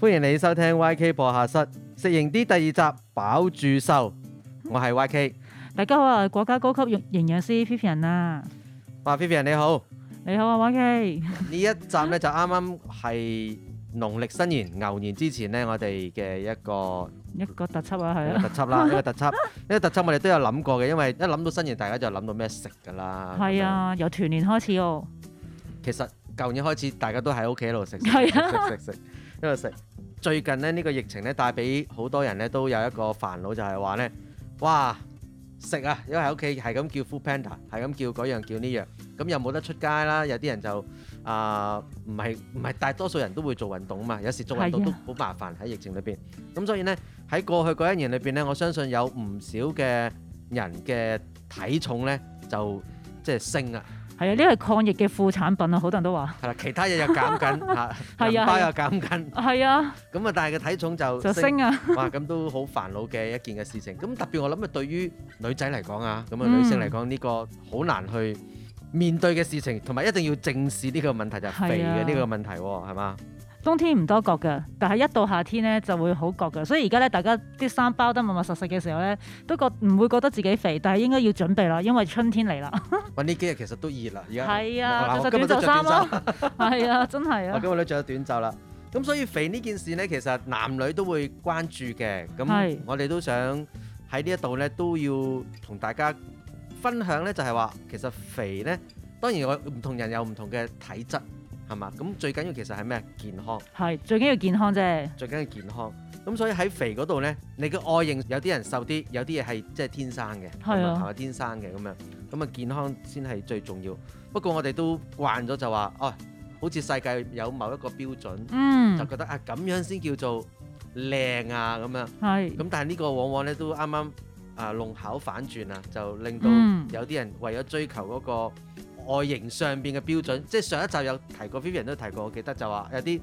歡迎你收聽 YK 播客室食型啲第二集，飽住瘦。我係 YK，大家好啊，國家高級營養師 P P 人啊，哇 P P 人你好，你好啊 Y K，呢一集咧就啱啱係農曆新年牛年之前咧，我哋嘅一個一個特輯啊，係啦，特輯啦，一個特輯，呢個特輯，我哋都有諗過嘅，因為一諗到新年，大家就諗到咩食噶啦，係啊，就由團年開始哦。其實舊年開始，大家都喺屋企喺度食，係啊，食食食。因為食最近咧呢個疫情咧帶俾好多人咧都有一個煩惱就係話咧，哇食啊！因為喺屋企係咁叫 food panda，係咁叫嗰樣叫呢樣，咁又冇得出街啦。有啲人就啊，唔係唔係大多數人都會做運動啊嘛。有時做運動都好麻煩喺的疫情裏邊。咁所以咧喺過去嗰一年裏邊咧，我相信有唔少嘅人嘅體重咧就即係、就是、升啊。係啊，呢個係抗疫嘅副產品啊，好多人都話。係啦，其他嘢又減緊嚇，減包又減緊。係 啊。咁 啊，但係個體重就升，就升啊。 哇，咁都好煩惱嘅一件嘅事情。咁特別我諗啊，對於女仔嚟講啊，咁啊女性嚟講呢個好難去面對嘅事情，同埋一定要正視呢個問題就係、肥嘅呢個問題喎，係嘛、啊？冬天唔多覺㗎，但係一到夏天咧就會好覺㗎，所以而家咧大家啲衫包得密密實實嘅時候咧，都覺唔會覺得自己肥，但係應該要準備啦，因為春天嚟啦。哇！呢幾日其實都熱、啊、啦，而家係啊，著短袖衫咯，係 啊，真係啊。我今日都着咗短袖啦，咁所以肥呢件事咧，其實男女都會關注嘅。咁我哋都想喺呢一度咧，都要同大家分享咧，就係話其實肥咧，當然我唔同人有唔同嘅體質。係嘛？咁最緊要其實係咩？健康係最緊要健康啫。最緊要健康。咁所以喺肥嗰度咧，你嘅外形有啲人瘦啲，有啲嘢係即係天生嘅，唔係談話天生嘅咁樣。咁啊健康先係最重要。不過我哋都慣咗就話，哦、哎，好似世界有某一個標準，嗯，就覺得啊咁樣先叫做靚啊咁樣。係是。咁但係呢個往往咧都啱啱啊弄巧反轉啊，就令到有啲人為咗追求嗰、嗰個。嗯外形上邊嘅標準，即係上一集有提過，Vivian 都提過。我記得就話有啲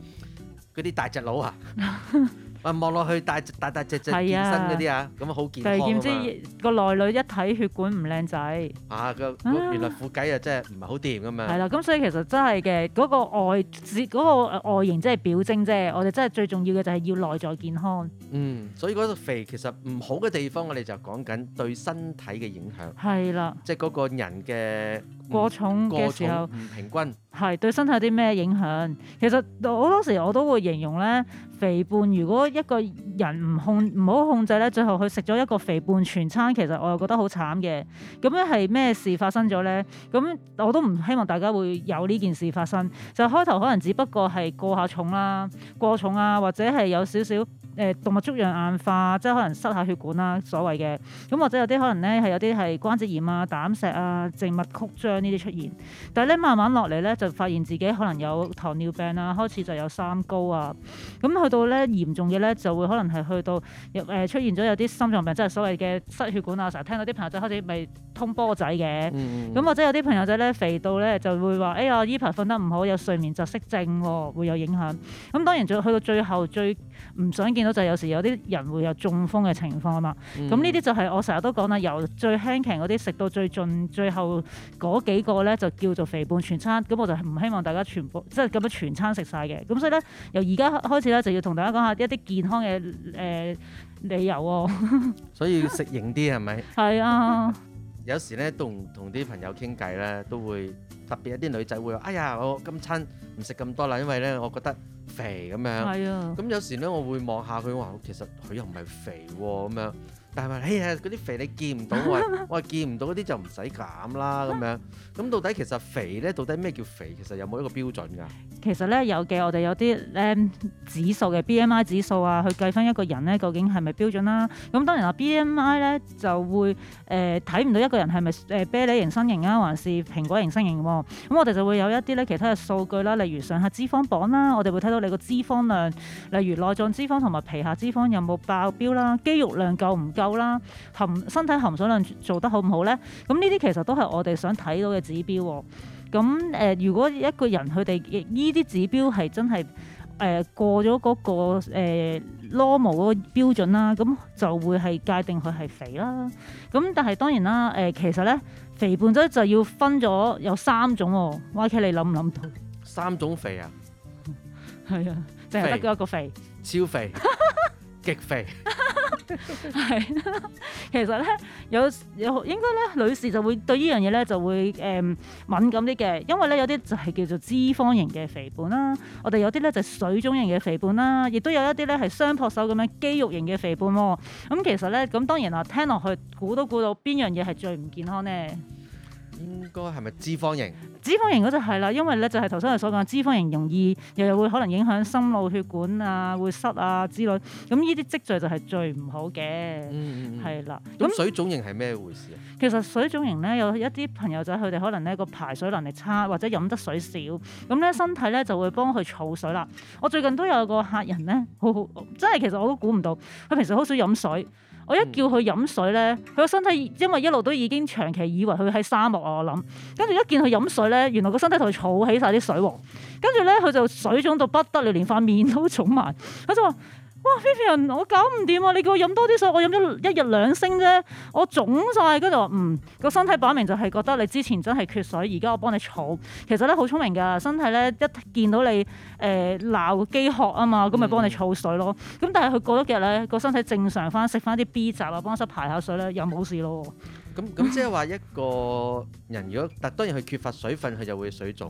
嗰啲大隻佬啊。 喂，望落去大大大隻隻，健身嗰啲啊，咁啊好健康。但係點知個內裏一睇血管唔靚仔。啊，個原來副計又真係唔係好掂噉樣。係啦，咁所以其實真係嘅，嗰、嗰個外，嗰、嗰個、外形即係表徵啫。我哋真係最重要嘅就係要內在健康。嗯，所以嗰度肥其實唔好嘅地方，我哋就講緊對身體嘅影響。係啦、啊，即係嗰個人嘅過重嘅時候唔平均，係對身體有啲咩影響？其實好多時我都會形容咧。肥胖如果一個人唔控唔好控制咧，最後佢食咗一個肥胖全餐，其實我又覺得好慘嘅。咁咧係咩事發生咗咧？咁我都唔希望大家會有呢件事發生。就開頭可能只不過係過下重啦、過重啊，或者係有少少誒、呃、動物粥樣硬化，即係可能塞下血管啦，所謂嘅。咁或者有啲可能咧係有啲係關節炎啊、膽石啊、靜脈曲張呢啲出現。但係咧慢慢落嚟咧就發現自己可能有糖尿病啊，開始就有三高啊。咁去到咧嚴重嘅咧，就會可能係去到誒、呃、出現咗有啲心臟病，即係所謂嘅失血管啊。成日聽到啲朋友仔開始咪通波仔嘅，咁、嗯、或者有啲朋友仔咧肥到咧就會話：哎呀，依排瞓得唔好，有睡眠窒息症喎，會有影響。咁當然就去到最後最。唔想見到就有時有啲人會有中風嘅情況啦。咁呢啲就係我成日都講啦，由最輕嘅嗰啲食到最盡，最後嗰幾個咧就叫做肥胖全餐。咁我就唔希望大家全部即係咁樣全餐食晒嘅。咁所以咧，由而家開始咧，就要同大家講下一啲健康嘅誒、呃、理由喎、哦。 所以要食型啲係咪？係 啊。 有時咧同同啲朋友傾偈咧，都會特別一啲女仔會話：哎呀，我今餐唔食咁多啦，因為咧，我覺得。肥咁樣，咁、係啊、有時咧，我會望下佢話，其實佢又唔係肥喎、啊、咁樣。但係話嗰啲肥你見唔到，我係我見唔到嗰啲就唔使減啦咁樣。咁到底其實肥咧，到底咩叫肥？其實有冇一個標準㗎？其實咧有嘅，我哋有啲、嗯、指數嘅 BMI 指數啊，去計翻一個人咧究竟係咪標準啦、啊。咁當然啦，BMI 咧就會誒睇唔到一個人係咪誒啤梨型身形啊，還是蘋果型身形咁、啊、我哋就會有一啲咧其他嘅數據啦、啊，例如上下脂肪榜啦、啊，我哋會睇到你個脂肪量，例如內臟脂肪同埋皮下脂肪有冇爆標啦、啊，肌肉量夠唔夠？好啦，含身體含水量做得好唔好咧？咁呢啲其實都係我哋想睇到嘅指標。咁誒、呃，如果一個人佢哋呢啲指標係真係誒、呃、過咗嗰、那個、呃、normal 嗰個標準啦，咁就會係界定佢係肥啦。咁但係當然啦，誒、呃、其實咧肥胖咗就要分咗有三種。YK 你諗唔諗到？三種肥啊？係 啊，淨係得一個肥，肥，超肥、 極肥。 係， 其實咧有有，應該咧女士就會對呢樣嘢咧就會誒、嗯、敏感啲嘅，因為咧有啲就係叫做脂肪型嘅肥胖啦，我哋有啲咧就係水腫型嘅肥胖啦，亦都有一啲咧係雙膊手咁樣肌肉型嘅肥胖喎。咁、嗯、其實咧咁當然啦，聽落去估都估到邊樣嘢係最唔健康咧？應該係咪脂肪型？脂肪型嗰隻就係啦，因為咧就係頭先我所講，脂肪型容易又，又會可能影響心腦血管啊，會塞啊之類。咁呢啲積聚就係最唔好嘅，係啦。咁水腫型係咩回事啊？其實水腫型咧有一啲朋友仔，佢哋可能咧個排水能力差，或者飲得水少，咁咧身體咧就會幫佢儲水啦。我最近都有個客人咧，好好即係其實我都估唔到，佢平時好少飲水。我一叫佢飲水咧，佢個身體因為一路都已經長期以為佢喺沙漠啊，我諗。跟住一見佢飲水咧，原來個身體同佢儲起晒啲水喎。跟住咧，佢就水腫到不得了，連塊面都腫埋。佢就話。哇，Vivian，我搞唔掂啊！你叫我飲多啲水，我飲咗一,一日兩升啫，我腫晒。跟住話，嗯，個身體擺明就係覺得你之前真係缺水，而家我幫你儲。其實咧，好聰明㗎，身體咧，一見到你誒鬧、呃、饑渴啊嘛，咁咪幫你儲水咯。咁、嗯、但係佢過多幾日咧，個身體正常翻，食翻啲 B 雜啊，幫手排下水咧，又冇事咯。咁咁即係話一個人如果 但當然佢缺乏水分，佢就會水腫。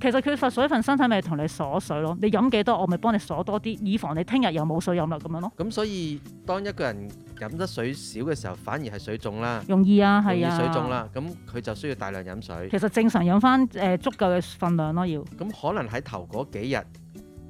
其實佢乏水份，身體咪同你鎖水咯，你飲幾多我咪幫你鎖多啲，以防你聽日又冇水飲啦咁樣咯。咁所以當一個人飲得水少嘅時候，反而係水腫啦，容易啊，係啊，水腫啦，咁佢就需要大量飲水。其實正常飲返誒足夠嘅份量咯，要。咁可能喺頭嗰幾日。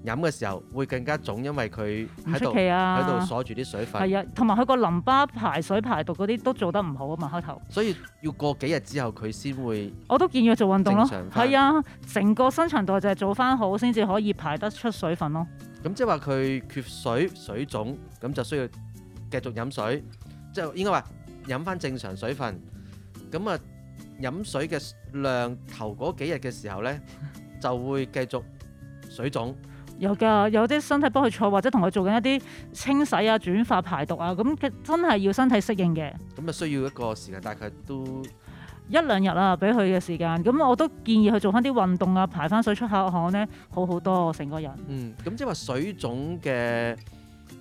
飲嘅時候會更加腫，因為佢喺度喺度鎖住啲水分。係啊，同埋佢個淋巴排水排毒嗰啲都做得唔好啊嘛，開頭。所以要過幾日之後佢先會正常。我都建議做運動咯，係啊，成個新陳代謝做翻好先至可以排得出水分咯。咁即係話佢缺水、水腫，咁就需要繼續飲水，即係應該話飲翻正常水分。咁啊，飲水嘅量頭嗰幾日嘅時候咧，就會繼續水腫。有㗎，有啲身體幫佢坐，或者同佢做緊一啲清洗啊、轉化、排毒啊，咁嘅真係要身體適應嘅。咁啊，需要一個時間，大概都一兩日啦，俾佢嘅時間。咁我都建議佢做翻啲運動啊，排翻水出下汗咧，好好多成個人。嗯，咁即係話水腫嘅，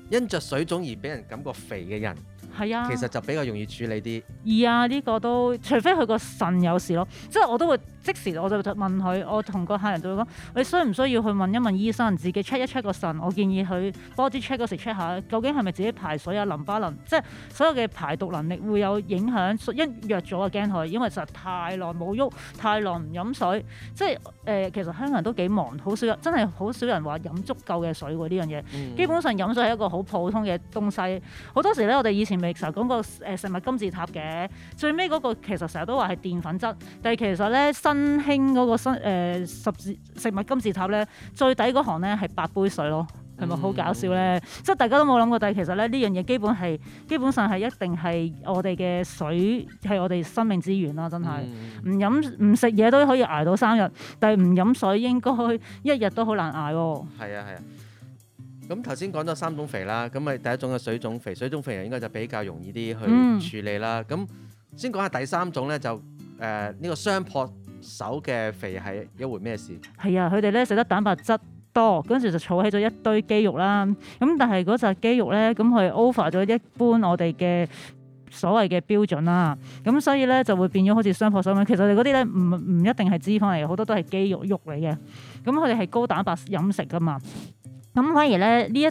因着水腫而俾人感覺肥嘅人。係啊，其實就比較容易處理啲。二啊，呢個都除非佢個腎有事咯，即係我都會即時我就問佢，我同個客人就會講：你需唔需要去問一問醫生，自己 check 一 check 個腎？我建議佢 body check 嗰時 check 下，究竟係咪自己排水有淋巴能，即係所有嘅排毒能力會有影響。一弱咗啊，驚佢，因為實在太耐冇喐，太耐唔飲水，即係誒、呃，其實香港人都幾忙，好少，少人真係好少人話飲足夠嘅水喎呢樣嘢。嗯、基本上飲水係一個好普通嘅東西，好多時咧我哋以前。成日講個誒食物金字塔嘅，最尾嗰個其實成日都話係澱粉質，但係其實咧新興嗰個新誒十字食物金字塔咧，最底嗰行咧係八杯水咯，係咪好搞笑咧？即係、嗯、大家都冇諗過，但係其實咧呢樣嘢基本係基本上係一定係我哋嘅水係我哋生命之源啦，真係唔、嗯、飲唔食嘢都可以捱到三日，但係唔飲水應該一日都好難捱咯。係啊係啊。咁頭先講咗三種肥啦，咁咪第一種嘅水腫肥，水腫肥應該就比較容易啲去處理啦。咁、嗯、先講下第三種咧，就誒呢、呃這個雙膊手嘅肥係一回咩事？係啊，佢哋咧食得蛋白質多，嗰陣時就儲起咗一堆肌肉啦。咁但係嗰紮肌肉咧，咁佢 over 咗一般我哋嘅所謂嘅標準啦。咁所以咧就會變咗好似雙膊手咁。其實嗰啲咧唔唔一定係脂肪嚟嘅，好多都係肌肉肉嚟嘅。咁佢哋係高蛋白飲食噶嘛。咁反而咧呢一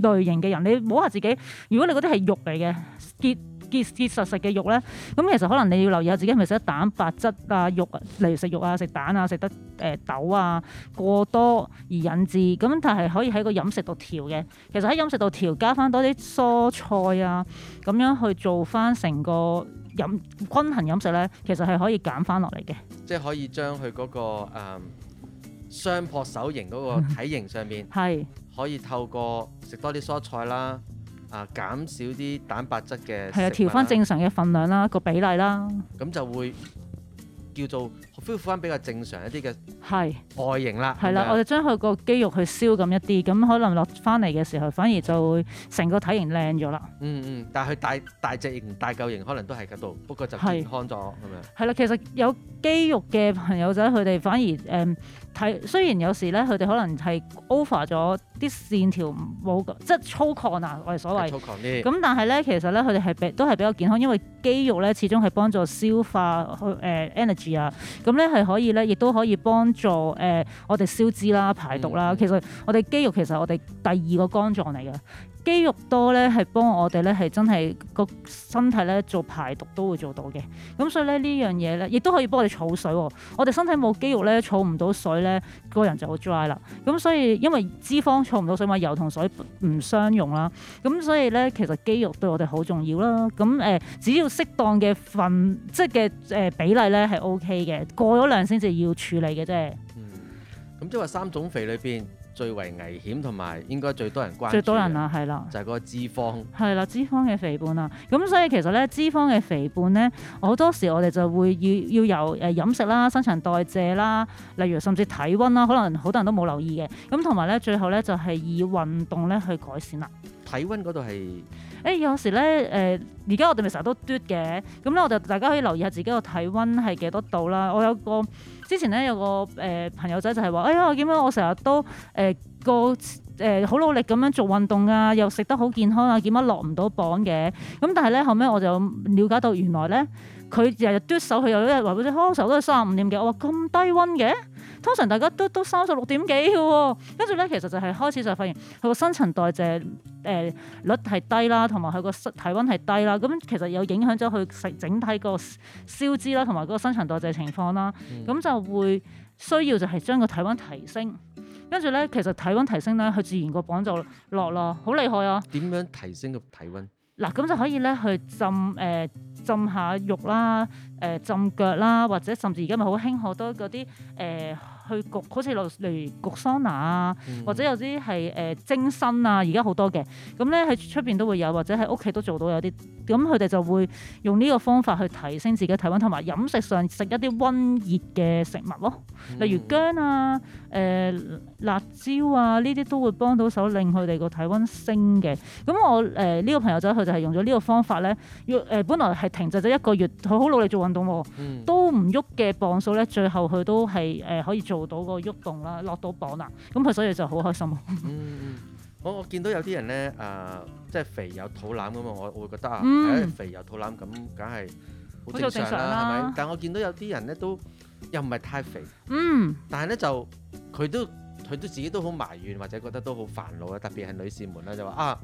類型嘅人，你摸下自己，如果你嗰啲係肉嚟嘅，結結結實實嘅肉咧，咁其實可能你要留意下自己係咪食得蛋白質啊、肉啊，例如食肉啊、食蛋啊、食得誒、呃、豆啊過多而引致。咁但係可以喺個飲食度調嘅，其實喺飲食度調加翻多啲蔬菜啊，咁樣去做翻成個飲均衡飲食咧，其實係可以減翻落嚟嘅。即係可以將佢嗰、嗰個、um 雙破手型嗰個體型上面，係 是可以透過食多啲蔬菜啦，啊減少啲蛋白質嘅係啊，調翻正常嘅份量啦，個比例啦，咁、嗯、就會。叫做恢復翻比較正常一啲嘅係外形啦，係啦的，吧我哋將佢個肌肉去燒咁一啲，咁可能落翻嚟嘅時候，反而就會成個體型靚咗啦。嗯嗯，但係佢大大隻型、大舊型可能都喺度，不過就健康咗咁樣，係啦，其實有肌肉嘅朋友仔，佢哋反而誒睇、嗯，雖然有時咧，佢哋可能係 over 咗啲線條冇，即係粗獷啊，我哋所謂粗獷啲。咁但係咧，其實咧，佢哋係比都係比較健康，因為肌肉咧，始終係幫助消化去誒 energy。啊，咁咧係可以咧，亦都可以幫助誒、呃、我哋消脂啦、排毒啦。嗯嗯、其實我哋肌肉，其實我哋第二個肝臟嚟嘅。肌肉多咧，係幫我哋咧，係真係個身體咧做排毒都會做到嘅。咁所以咧，呢樣嘢咧，亦都可以幫我哋儲水。我哋身體冇肌肉咧，儲唔到水咧，個人就好 dry 啦。咁所以因為脂肪儲唔到水嘛，油同水唔相容啦。咁所以咧，其實肌肉對我哋好重要啦。咁誒、呃，只要適當嘅份，即係嘅誒比例咧係 OK 嘅。過咗量先至要處理嘅啫。嗯，咁即係話三種肥裏邊。最為危險同埋應該最多人關注最多人啊，係啦，就係嗰個脂肪係啦，脂肪嘅肥胖啊，咁所以其實咧脂肪嘅肥胖咧，好多時我哋就會要要有誒飲食啦、新陳代謝啦，例如甚至體温啦，可能好多人都冇留意嘅，咁同埋咧最後咧就係、是、以運動咧去改善啦。體温嗰度係，誒、欸、有時咧，誒而家我哋咪成日都嘟嘅，咁咧我哋大家可以留意下自己個體温係幾多度啦。我有個之前咧有個誒、呃、朋友仔就係話，哎呀點解我成日都誒、呃、個誒好、呃、努力咁樣做運動啊，又食得好健康啊，點解落唔到榜嘅？咁但係咧後尾我就了解到原來咧，佢日日嘟手，佢又一日話嗰啲呵手都係三十五點幾，我話咁低温嘅。通常大家都都三十六點幾嘅喎，跟住咧其實就係開始就發現佢個新陳代謝誒、呃、率係低啦，同埋佢個身體温係低啦，咁其實有影響咗佢整體個消脂啦，同埋嗰個新陳代謝情況啦，咁、嗯、就會需要就係將個體温提升，跟住咧其實體温提升咧，佢自然個磅就落咯，好厲害啊！點樣提升個體温？嗱，咁就可以咧去浸誒、呃、浸下肉啦，誒、呃、浸腳啦，或者甚至而家咪好興好多嗰啲誒。呃去焗好似落例如焗桑拿啊，嗯、或者有啲係誒蒸身啊，而家好多嘅，咁咧喺出邊都會有，或者喺屋企都做到有啲，咁佢哋就會用呢個方法去提升自己體温，同埋飲食上食一啲温熱嘅食物咯，嗯、例如薑啊。誒、呃、辣椒啊，呢啲都會幫到手令佢哋個體温升嘅。咁我誒呢、呃呢個朋友仔佢就係用咗呢個方法咧，要、呃、誒本來係停滯咗一個月，佢好努力做運動喎，嗯、都唔喐嘅磅數咧，最後佢都係誒、呃、可以做到個喐動啦，落到磅啦。咁佢所以就好開心，嗯。嗯，我我見到有啲人咧啊、呃，即係肥有肚腩咁嘛。我我會覺得啊，嗯、肥有肚腩咁梗係好正常啦，係咪？吧但係我見到有啲人咧都。又唔係太肥，嗯，但係咧就佢都佢都自己都好埋怨或者覺得都好煩惱啊，特別係女士們啦就話啊，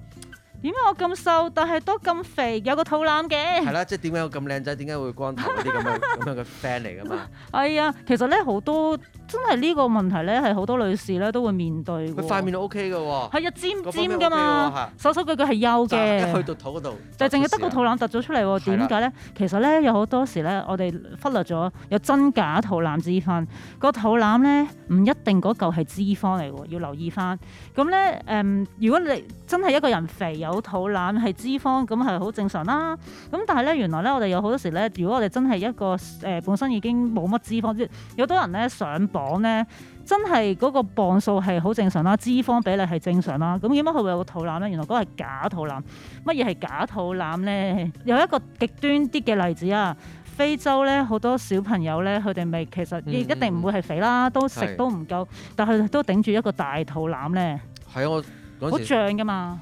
點解我咁瘦但係都咁肥有個肚腩嘅？係啦，即係點解我咁靚仔？點解會光頭嗰啲咁樣咁樣嘅 friend 嚟㗎嘛？係啊，其實咧好多。真係呢個問題咧，係好多女士咧都會面對嘅。塊面 O K 嘅喎。係啊，尖尖嘅嘛，手手腳腳係幼嘅。去到肚嗰度，就淨係得個肚腩凸咗出嚟喎？點解咧？其實咧，有好多時咧，我哋忽略咗有真假肚腩之分。個肚腩咧，唔一定嗰嚿係脂肪嚟嘅，要留意返。咁咧，誒，如果你真係一個人肥有肚腩係脂肪，咁係好正常啦。咁但係咧，原來咧，我哋有好多時咧，如果我哋真係一個誒本身已經冇乜脂肪，即有多人咧上講咧，真係嗰個磅數係好正常啦，脂肪比例係正常啦。咁點解佢會有個肚腩咧？原來嗰個係假肚腩。乜嘢係假肚腩咧？有一個極端啲嘅例子啊，非洲咧好多小朋友咧，佢哋咪其實亦一定唔會係肥啦，嗯、都食都唔夠，係但係都頂住一個大肚腩咧。係啊，我好脹㗎嘛。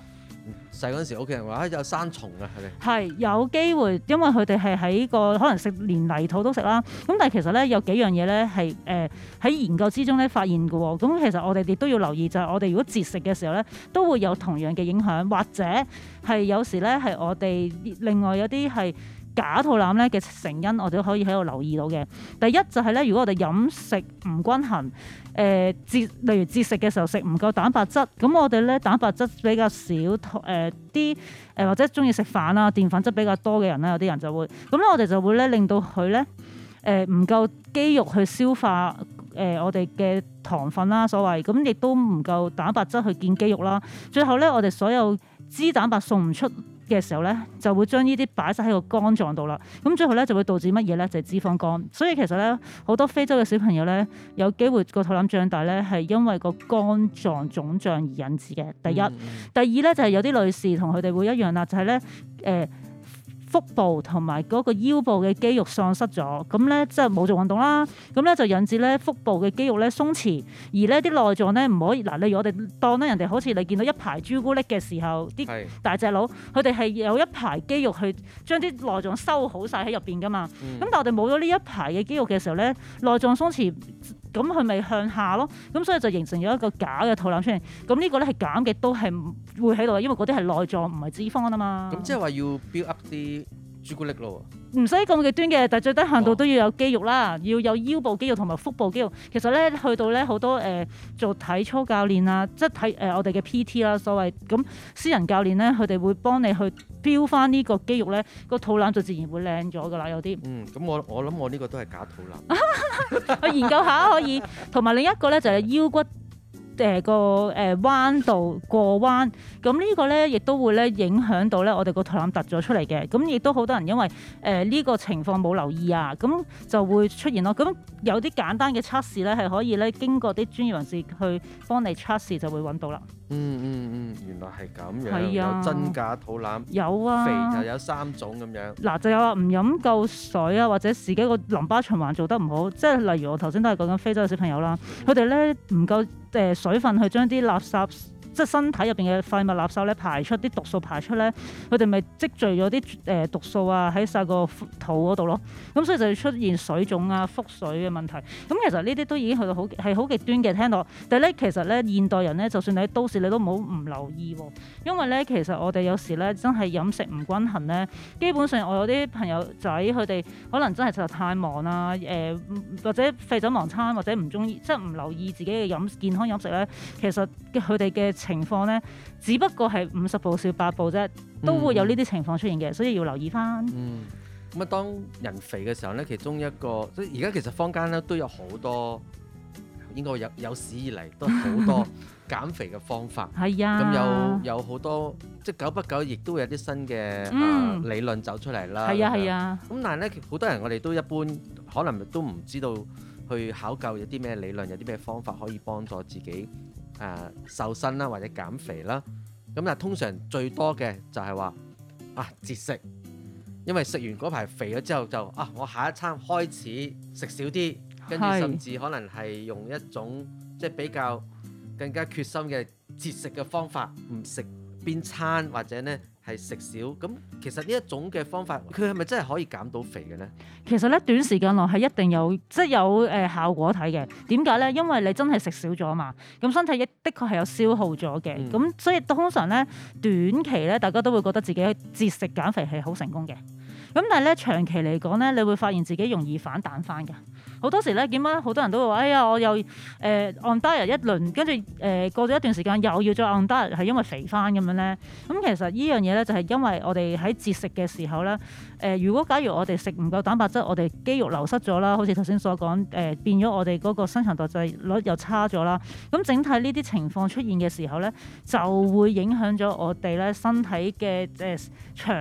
細嗰陣時，屋企人話有生蟲啊，係咪？係有機會，因為佢哋係喺個可能食連泥土都食啦。咁但係其實咧有幾樣嘢咧係誒喺研究之中咧發現嘅。咁其實我哋亦都要留意，就係我哋如果節食嘅時候咧，都會有同樣嘅影響，或者係有時咧係我哋另外有啲係。假肚腩咧嘅成因，我哋都可以喺度留意到嘅。第一就係咧，如果我哋飲食唔均衡，誒、呃、節例如節食嘅時候食唔夠蛋白質，咁我哋咧蛋白質比較少，誒啲誒或者鍾意食飯啊、澱粉質比較多嘅人啦，有啲人就會，咁咧我哋就會咧令到佢咧誒唔夠肌肉去消化誒、呃、我哋嘅糖分啦，所謂咁亦都唔夠蛋白質去建肌肉啦。最後咧，我哋所有脂蛋白送唔出嘅時候咧，就會將呢啲擺晒喺個肝臟度啦。咁最後咧就會導致乜嘢咧？就係、是、脂肪肝。所以其實咧，好多非洲嘅小朋友咧，有機會個肚腩長大咧，係因為個肝臟腫脹而引致嘅。第一，嗯、第二咧就係、是、有啲女士同佢哋會一樣啦，就係咧誒。呃腹部同埋嗰個腰部嘅肌肉喪失咗，咁咧即係冇做運動啦，咁咧就引致咧腹部嘅肌肉咧鬆弛，而呢啲內臟咧唔可以嗱，例如我哋當咧人哋好似你見到一排朱古力嘅時候，啲是大隻佬佢哋係有一排肌肉去將啲內臟收好晒喺入邊噶嘛，咁但係我哋冇咗呢一排嘅肌肉嘅時候咧，內臟鬆弛弛。咁佢咪向下咯，咁所以就形成咗一個假嘅肚腩出嚟。咁呢個咧係減極，都係會喺度，因為嗰啲係內臟，唔係脂肪啊嘛。咁即係話要 build up 啲。朱古力咯，唔使咁極端嘅，但最低限度都要有肌肉啦，要有腰部肌肉同埋腹部肌肉。其實咧，去到咧好多誒、呃、做體操教練啊，即係睇誒我哋嘅 PT 啦，所謂咁私人教練咧，佢哋會幫你去標返呢個肌肉咧，個肚腩就自然會靚咗噶啦，有啲。嗯，咁我我諗我呢個都係假肚腩。 去研究下可以，同埋 另一個咧就係腰骨。誒、呃、個誒彎度過彎，咁呢個咧亦都會咧影響到咧我哋個肚腩凸咗出嚟嘅，咁亦都好多人因為誒呢、呃這個情況冇留意啊，咁就會出現咯。咁有啲簡單嘅測試咧，係可以咧經過啲專業人士去幫你測試就會揾到啦、嗯。嗯嗯嗯，原來係咁樣，啊、有真假肚腩，有啊，肥就有三種咁樣。嗱，就有話唔飲夠水啊，或者自己個淋巴循環做得唔好，即係例如我頭先都係講緊非洲嘅小朋友啦，佢哋咧唔夠誒。呃呃水分去將啲垃圾。即係身體入邊嘅廢物垃圾咧排出啲毒素排出咧，佢哋咪積聚咗啲誒毒素啊，喺曬個肚嗰度咯。咁、嗯、所以就出現水腫啊、腹水嘅問題。咁、嗯、其實呢啲都已經去到好係好極端嘅聽到。但係咧其實咧現代人咧，就算你喺都市，你都唔好唔留意喎、哦。因為咧其實我哋有時咧真係飲食唔均衡咧，基本上我有啲朋友仔佢哋可能真係實在太忙啊、誒、呃，或者廢寢忘餐，或者唔中意即係唔留意自己嘅飲健康飲食咧，其實佢哋嘅。情況呢，只不過係五十步笑百步啫，都會有呢啲情況出現嘅，嗯、所以要留意翻。嗯，咁啊，當人肥嘅時候呢，其中一個即係而家其實坊間呢都有好多，應該有有史以嚟都好多減肥嘅方法。係啊，咁有有好多即係久不久亦都會有啲新嘅啊理論走出嚟啦。係啊係啊。咁就呀但係呢，好多人我哋都一般，可能都唔知道去考究有啲咩理論，有啲咩方法可以幫助自己。誒、呃、瘦身啦，或者減肥啦，咁但通常最多嘅就係話啊節食，因為食完嗰排肥咗之後就啊我下一餐開始食少啲，跟住甚至可能係用一種是即係比較更加決心嘅節食嘅方法，唔食邊餐或者呢。係食少咁，其實呢一種嘅方法，佢係咪真係可以減到肥嘅咧？其實咧，短時間內係一定有，即係有誒效果睇嘅。點解咧？因為你真係食少咗嘛，咁身體亦的確係有消耗咗嘅。咁，嗯，所以通常咧短期咧，大家都會覺得自己節食減肥係好成功嘅。咁但係咧長期嚟講咧，你會發現自己容易反彈翻嘅。好多時咧點解好多人都話：哎呀，我又誒 on diet 一輪，跟住誒過咗一段時間又要再 on diet，係因為肥翻咁樣咧。咁、嗯、其實呢樣嘢咧就係、是、因為我哋喺節食嘅時候咧，誒、呃、如果假如我哋食唔夠蛋白質，我哋肌肉流失咗啦，好似頭先所講誒、呃，變咗我哋嗰個新陳代謝率又差咗啦。咁、嗯、整體呢啲情況出現嘅時候咧，就會影響咗我哋咧身體嘅誒、呃、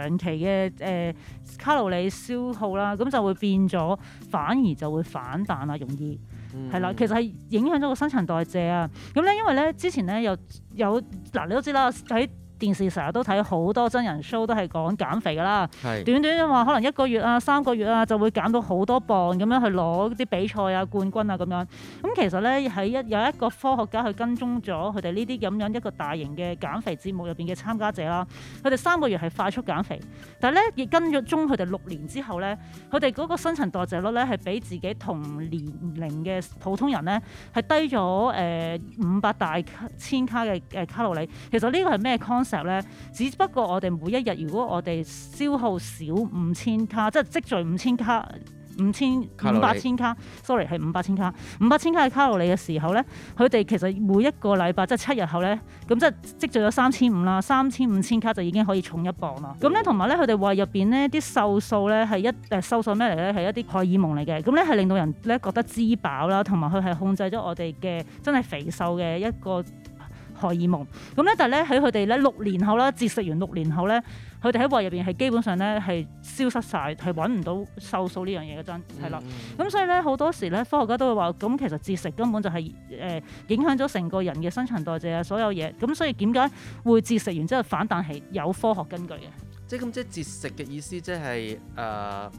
長期嘅誒、呃、卡路里消耗啦，咁、嗯、就會變咗反而就會反。簡單啊，容易係啦、嗯，其實係影響咗個新陳代謝啊。咁咧，因為咧之前咧又有嗱，你都知啦，喺。電視成日都睇好多真人 show 都係講減肥㗎啦，是短短話可能一個月啊、三個月啊就會減到好多磅咁樣去攞啲比賽啊、冠軍啊咁樣。咁、嗯、其實咧喺一有一個科學家去跟蹤咗佢哋呢啲咁樣一個大型嘅減肥節目入邊嘅參加者啦，佢哋三個月係快速減肥，但係咧亦跟咗蹤佢哋六年之後咧，佢哋嗰個新陳代謝率咧係比自己同年齡嘅普通人咧係低咗誒五百大千卡嘅誒、呃、卡路里。其實呢個係咩？時候咧，只不過我哋每一日如果我哋消耗少五千卡，即係積聚五千卡、五千五百千卡，sorry 係五百千卡，五百千卡嘅卡，卡，卡路里嘅時候咧，佢哋其實每一個禮拜即係七日後咧，咁即係積聚咗三千五啦，三千五千卡就已經可以重磅、嗯、一磅啦。咁咧同埋咧，佢哋話入邊呢啲瘦素咧係一誒瘦素咩嚟咧係一啲荷爾蒙嚟嘅，咁咧係令到人咧覺得滋飽啦，同埋佢係控制咗我哋嘅真係肥瘦嘅一個。荷爾蒙咁咧，但係咧喺佢哋咧六年後啦，節食完六年後咧，佢哋喺胃入邊係基本上咧係消失晒，係揾唔到瘦素呢樣嘢嘅真係咯。咁、嗯、所以咧好多時咧科學家都會話，咁其實節食根本就係誒影響咗成個人嘅新陳代謝啊，所有嘢。咁所以點解會節食完之後反彈係有科學根據嘅？即係咁，即係節食嘅意思，即係誒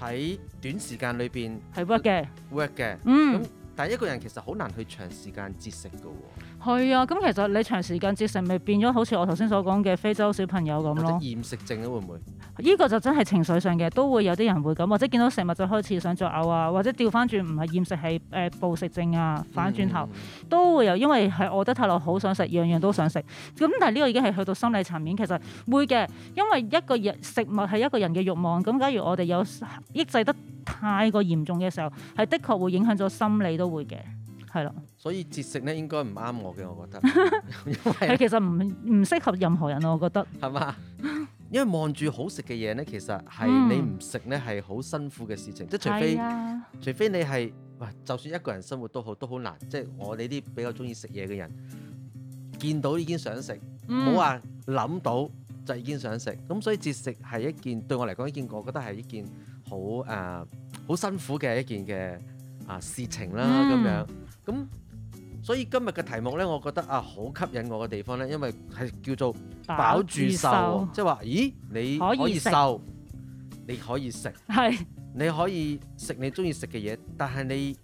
喺短時間裏邊係 work 嘅，work 嘅。嗯。咁但係一個人其實好難去長時間節食㗎喎。係啊，咁其實你長時間節食咪變咗好似我頭先所講嘅非洲小朋友咁咯。厭食症啊，會唔會？呢個就真係情緒上嘅，都會有啲人會咁，或者見到食物就開始想作嘔啊，或者掉翻轉唔係厭食係誒、呃、暴食症啊，反轉頭、嗯、都會有，因為係餓得太耐，好想食，樣樣都想食。咁但係呢個已經係去到心理層面，其實會嘅，因為一個人食物係一個人嘅欲望。咁假如我哋有抑制得太過嚴重嘅時候，係的確會影響咗心理都會嘅。係所以節食咧，應該唔啱我嘅，我覺得。因為 其實唔唔適合任何人咯，我覺得。係嘛吧？ 因為望住好食嘅嘢咧，其實係你唔食咧，係好辛苦嘅事情，即、嗯、除非、哎、呀除非你係就算一個人生活都好都好難。即、就、係、是、我哋啲比較中意食嘢嘅人，見到已經想食，唔好話諗到就已經想食。咁所以節食係一件對我嚟講一件，我覺得係一件好誒好辛苦嘅一件嘅啊事情啦咁、嗯、樣。咁所以今日嘅題目咧，我覺得啊，好吸引我嘅地方咧，因為係叫做飽住瘦，瘦即係話，咦，你可以瘦，可以你可以食，係，你可以食你中意食嘅嘢，但係你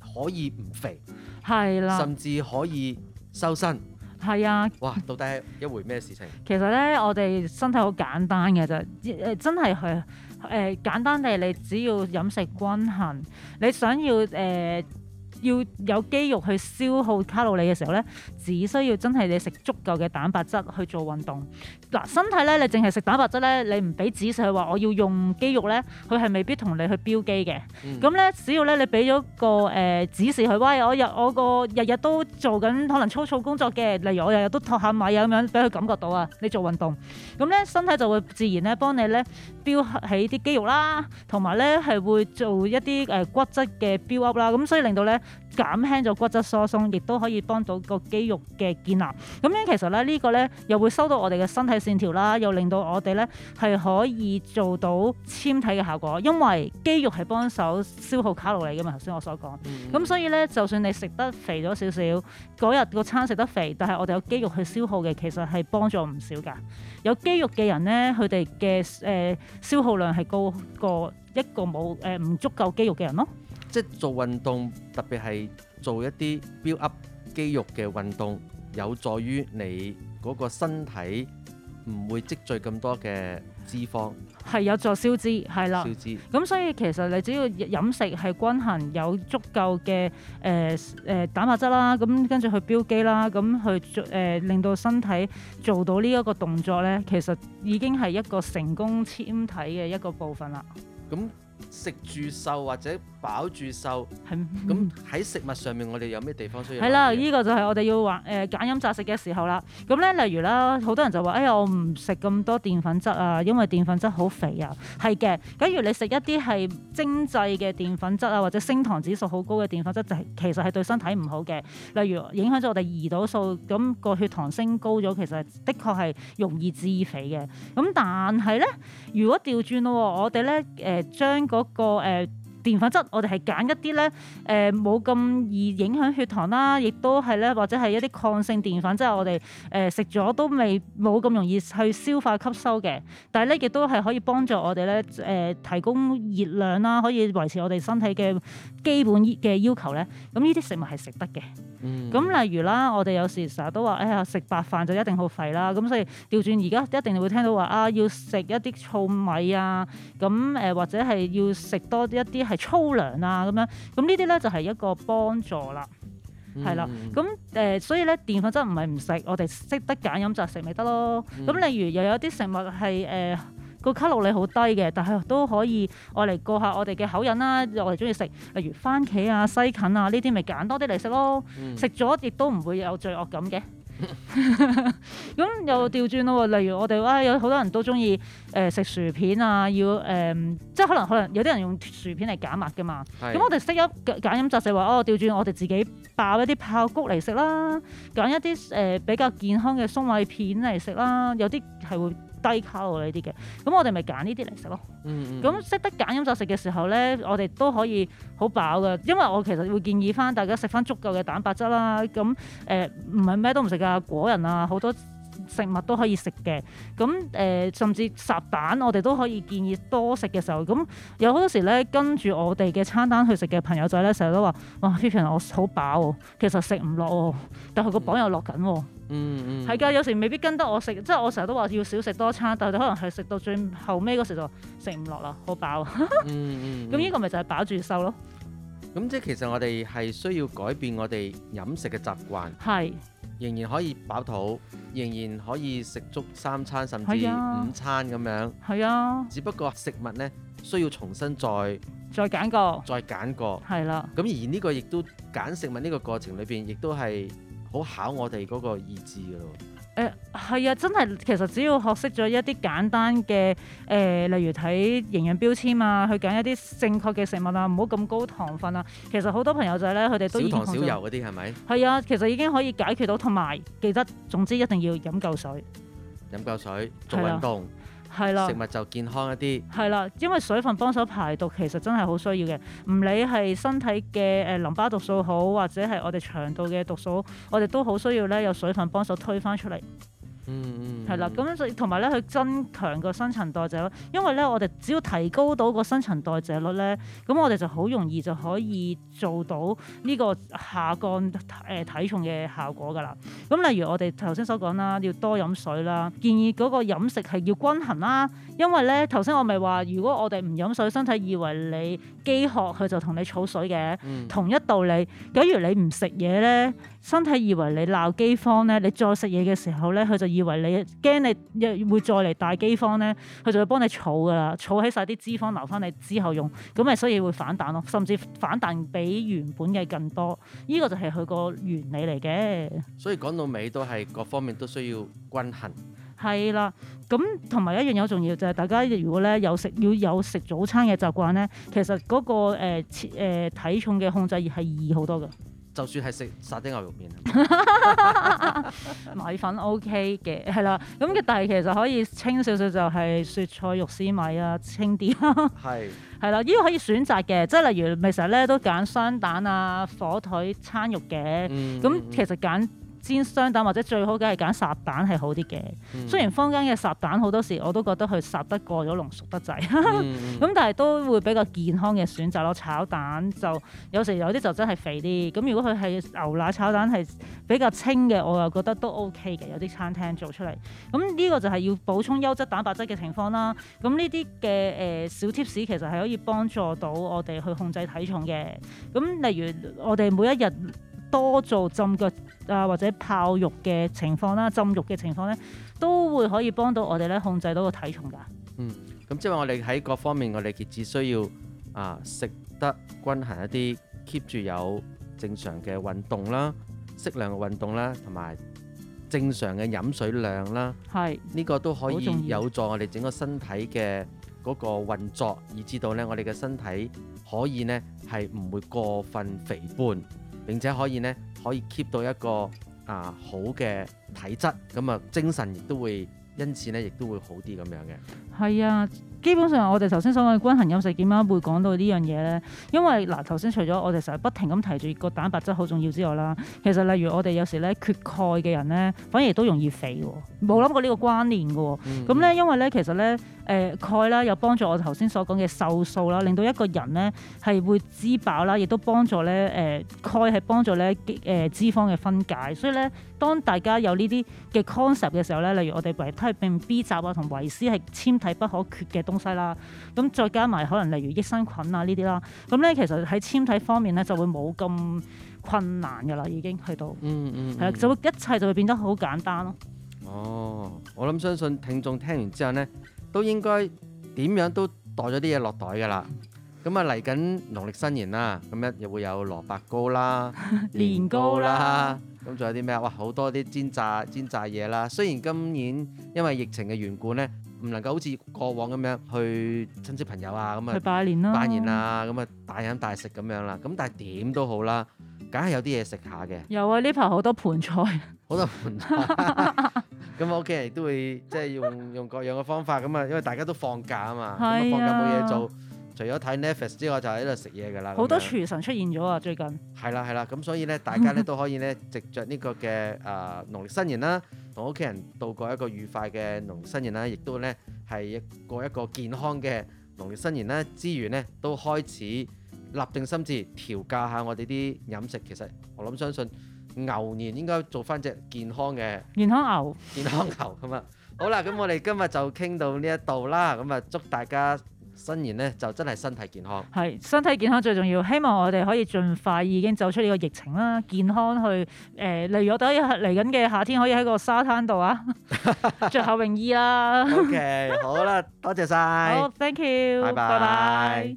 可以唔肥，係啦的，甚至可以瘦身，係啊的，哇，到底係一回咩事情？ 其實咧，我哋身體好簡單嘅啫，誒、呃、真係係誒簡單地，你只要飲食均衡，你想要誒。呃要有肌肉去消耗卡路里嘅時候咧，只需要真係你食足夠嘅蛋白質去做運動。嗱，身體咧你淨係食蛋白質咧，你唔俾指示佢話我要用肌肉咧，佢係未必同你去標肌嘅。咁咧、嗯，只要咧你俾咗個誒、呃、指示佢，喂，我日我個日日都做緊可能粗糙工作嘅，例如我日日都托下米咁樣，俾佢感覺到啊，你做運動，咁、嗯、咧身體就會自然咧幫你咧標起啲肌肉啦，同埋咧係會做一啲誒、呃、骨質嘅 build up 啦。咁、啊、所以令到咧。減輕咗骨質疏鬆，亦都可以幫到個肌肉嘅建立。咁樣其實咧，呢個、呢個咧又會收到我哋嘅身體線條啦，又令到我哋咧係可以做到纖體嘅效果。因為肌肉係幫手消耗卡路里㗎嘛，頭先我所講。咁、嗯、所以咧，就算你食得肥咗少少，嗰日個餐食得肥，但係我哋有肌肉去消耗嘅，其實係幫助唔少㗎。有肌肉嘅人咧，佢哋嘅誒消耗量係高過一個冇誒唔足夠肌肉嘅人咯。即做運動，特別係做一啲 build up 肌肉嘅運動，有助於你嗰個身體唔會積聚咁多嘅脂肪，係有助消脂，係啦。消脂。咁、嗯、所以其實你只要飲食係均衡，有足夠嘅誒誒蛋白質啦，咁、啊、跟住去標肌啦，咁、啊、去誒、呃、令到身體做到呢一個動作咧，其實已經係一個成功纖體嘅一個部分啦。咁、嗯、食住瘦或者？飽住瘦，咁喺嗎食物上面，我哋有咩地方需要？係啦，呢個就係我哋要話誒揀飲擇食嘅時候啦。咁咧，例如啦，好多人就話，哎呀，我唔食咁多澱粉質啊，因為澱粉質好肥啊。係嘅，假如你食一啲係精製嘅澱粉質啊，或者升糖指數好高嘅澱粉質，就係其實係對身體唔好嘅。例如影響咗我哋胰島素，咁個血糖升高咗，其實的確係容易致肥嘅。咁但係咧，如果調轉咯，我哋咧誒將嗰個、呃澱粉質，我哋係揀一啲咧，誒冇咁易影響血糖啦，亦都係咧，或者係一啲抗性澱粉質，即係我哋誒、呃、食咗都未冇咁容易去消化吸收嘅。但係咧，亦都係可以幫助我哋咧，誒、呃、提供熱量啦，可以維持我哋身體嘅基本嘅要求咧。咁呢啲食物係食得嘅。咁、嗯、例如啦，我哋有時成日都話，哎呀、呃、食白飯就一定好肥啦。咁所以調轉而家一定會聽到話啊，要食一啲糙米啊。咁誒、呃、或者係要食多一啲係。粗糧啊，咁樣咁呢啲咧就係一個幫助啦，係啦、嗯。咁誒、呃，所以咧澱粉質唔係唔食，我哋識得揀飲擇食咪得咯。咁、嗯、例如又有啲食物係誒個卡路里好低嘅，但係都可以我嚟過下我哋嘅口癮啦。我哋中意食，例如番茄啊、西芹啊呢啲，咪揀多啲嚟食咯。食咗亦都唔會有罪惡感嘅。咁 又調轉咯，例如我哋啊，有好多人都中意誒食薯片啊，要誒、呃，即係可能可能有啲人用薯片嚟減壓嘅嘛。咁是我哋識一揀飲擇食，話哦，調轉我哋自己爆一啲炮谷嚟食啦，揀一啲誒、呃、比較健康嘅鬆米片嚟食啦，有啲係會。低卡路呢啲嘅，咁我哋咪揀呢啲嚟食咯。咁識得揀飲擇食嘅時候咧，我哋都可以好飽嘅，因為我其實會建議翻大家食翻足夠嘅蛋白質啦。咁誒唔係咩都唔食噶，果仁啊好多食物都可以食嘅。咁、嗯、誒、呃、甚至撒蛋，我哋都可以建議多食嘅時候。咁有好多時咧跟住我哋嘅餐單去食嘅朋友仔咧，成日都話：哇 f i 我好飽喎、啊，其實食唔落喎，但係個磅又落緊喎。嗯嗯。嗯嗯，係噶，有時未必跟得我食，即係我成日都話要少食多餐，但係可能係食到最後尾嗰時就食唔落啦，好飽。 嗯嗯。咁呢個咪就係飽住瘦咯。咁即係其實我哋係需要改變我哋飲食嘅習慣。係是。仍然可以飽肚，仍然可以食足三餐甚至五餐咁、啊、樣。係啊。只不過食物咧需要重新再再揀過，再揀過。係啦、啊。咁而呢個亦都揀食物呢個過程裏邊，亦都係。好考我哋嗰個意志噶咯。誒係啊，真係其實只要學識咗一啲簡單嘅誒、呃，例如睇營養標籤啊，去揀一啲正確嘅食物啊，唔好咁高糖分啊。其實好多朋友仔係咧，佢哋少糖少油嗰啲係咪？係啊，其實已經可以解決到，同埋記得，總之一定要飲夠水，飲夠水做運動。係啦，食物就健康一啲。係啦，因為水分幫手排毒，其實真係好需要嘅。唔理係身體嘅誒淋巴毒素好，或者係我哋腸道嘅毒素，我哋都好需要咧，有水分幫手推返出嚟。嗯，嗯嗯，係啦，咁所以同埋咧，去增強個新陳代謝咯，因為咧，我哋只要提高到個新陳代謝率咧，咁我哋就好容易就可以做到呢個下降誒、呃、體重嘅效果噶啦。咁例如我哋頭先所講啦，要多飲水啦，建議嗰個飲食係要均衡啦，因為咧頭先我咪話，如果我哋唔飲水，身體以為你。饑渴佢就同你儲水嘅，嗯、同一道理。假如你唔食嘢咧，身體以為你鬧饑荒咧，你再食嘢嘅時候咧，佢就以為你驚你一會再嚟大饑荒咧，佢就會幫你儲噶啦，儲起晒啲脂肪留翻你之後用。咁咪所以會反彈咯，甚至反彈比原本嘅更多。呢、這個就係佢個原理嚟嘅。所以講到尾都係各方面都需要均衡。係啦，咁同埋一樣有重要就係、是、大家如果咧有食要有食早餐嘅習慣咧，其實嗰、那個誒誒、呃呃、體重嘅控制係易好多嘅。就算係食沙爹牛肉麵， 米粉 OK 嘅，係啦。咁但係其實可以清少少就係雪菜肉絲米啊，清啲。係係啦，呢、這個可以選擇嘅，即、就、係、是、例如咪成日咧都揀雙蛋啊、火腿餐肉嘅，咁、嗯、其實揀。煎雙蛋或者最好梗係揀烚蛋係好啲嘅，嗯、雖然坊間嘅烚蛋好多時我都覺得佢烚得過咗、 嗯，濃熟得滯。咁、嗯、但係都會比較健康嘅選擇咯。炒蛋就有時有啲就真係肥啲。咁如果佢係牛奶炒蛋係比較清嘅，我又覺得都 OK 嘅。有啲餐廳做出嚟，咁呢個就係要補充優質蛋白質嘅情況啦。咁呢啲嘅誒小 tips 其實係可以幫助到我哋去控制體重嘅。咁例如我哋每一日。多做浸腳啊，或者泡浴嘅情況啦，浸浴嘅情況呢都會可以幫到我哋呢控制到個體重㗎。嗯，咁即係我哋喺各方面，我哋只需要啊食得均衡一啲，keep 住有正常嘅運動啦，適量嘅運動啦，同埋正常嘅飲水量啦。係是，呢個都可以有助我哋整個身體嘅嗰個運作，以至到呢，我哋嘅身體可以呢係唔會過分肥胖。並且可以呢，可以 keep 到一個啊好嘅體質，咁啊精神亦都會，因此呢亦都會好啲咁樣嘅。係啊。基本上我哋頭先所講嘅均衡飲食點解會講到呢樣嘢咧，因為嗱頭先除咗我哋成日不停咁提住個蛋白質好重要之外啦，其實例如我哋有時咧缺鈣嘅人咧，反而都容易肥喎，冇諗過呢個關念嘅喎。咁咧、嗯、因為咧其實咧誒、呃、鈣啦又幫助我頭先所講嘅瘦素啦，令到一個人咧係會知飽啦，亦都幫助咧誒、呃、鈣係幫助咧誒、呃、脂肪嘅分解，所以咧當大家有呢啲嘅 concept 嘅時候咧，例如我哋維他命 B 集啊同維 C 係纖體不可缺嘅。東西啦，咁再加埋可能例如益生菌啊呢啲啦，咁咧其實喺纖體方面咧就會冇咁困難噶啦，已經去到，嗯，嗯嗯，係啦，就會一切就會變得好簡單咯。哦，我諗相信聽眾聽完之後咧，都應該點樣都袋咗啲嘢落袋噶啦。咁啊嚟緊農曆新年啦，咁一又會有蘿蔔糕啦、年 糕啦，咁仲有啲咩？哇，好多啲煎炸煎炸嘢啦。雖然今年因為疫情嘅緣故咧。唔能夠好似過往咁樣去親戚朋友啊咁啊去拜年啦，拜年啊，咁啊、嗯、大飲大食咁樣啦，咁但係點都好啦，梗係有啲嘢食下嘅。有啊，呢排好多盤菜。好多盤菜。咁我屋企人都會即係用用各樣嘅方法，咁啊，因為大家都放假啊嘛，咁啊 放假冇嘢做。除咗睇 Netflix 之外，就喺度食嘢噶啦。好多廚神出現咗啊！最近係啦係啦，咁所以咧，大家咧都可以咧，藉着呢個嘅啊農曆新年啦，同屋企人度過一個愉快嘅農曆新年啦，亦都咧係過一個健康嘅農曆新年啦。之餘咧，都開始立定心志調教下我哋啲飲食。其實我諗相信牛年應該做返隻健康嘅健康牛，健康牛咁啊！ 好啦，咁我哋今日就傾到呢一度啦。咁啊，祝大家～新年咧就真係身體健康，係身體健康最重要。希望我哋可以盡快已經走出呢個疫情啦，健康去誒、呃。例如我哋嚟緊嘅夏天，可以喺個沙灘度啊，著下 泳衣啊。OK，好啦， 多謝晒。好，thank you，拜拜。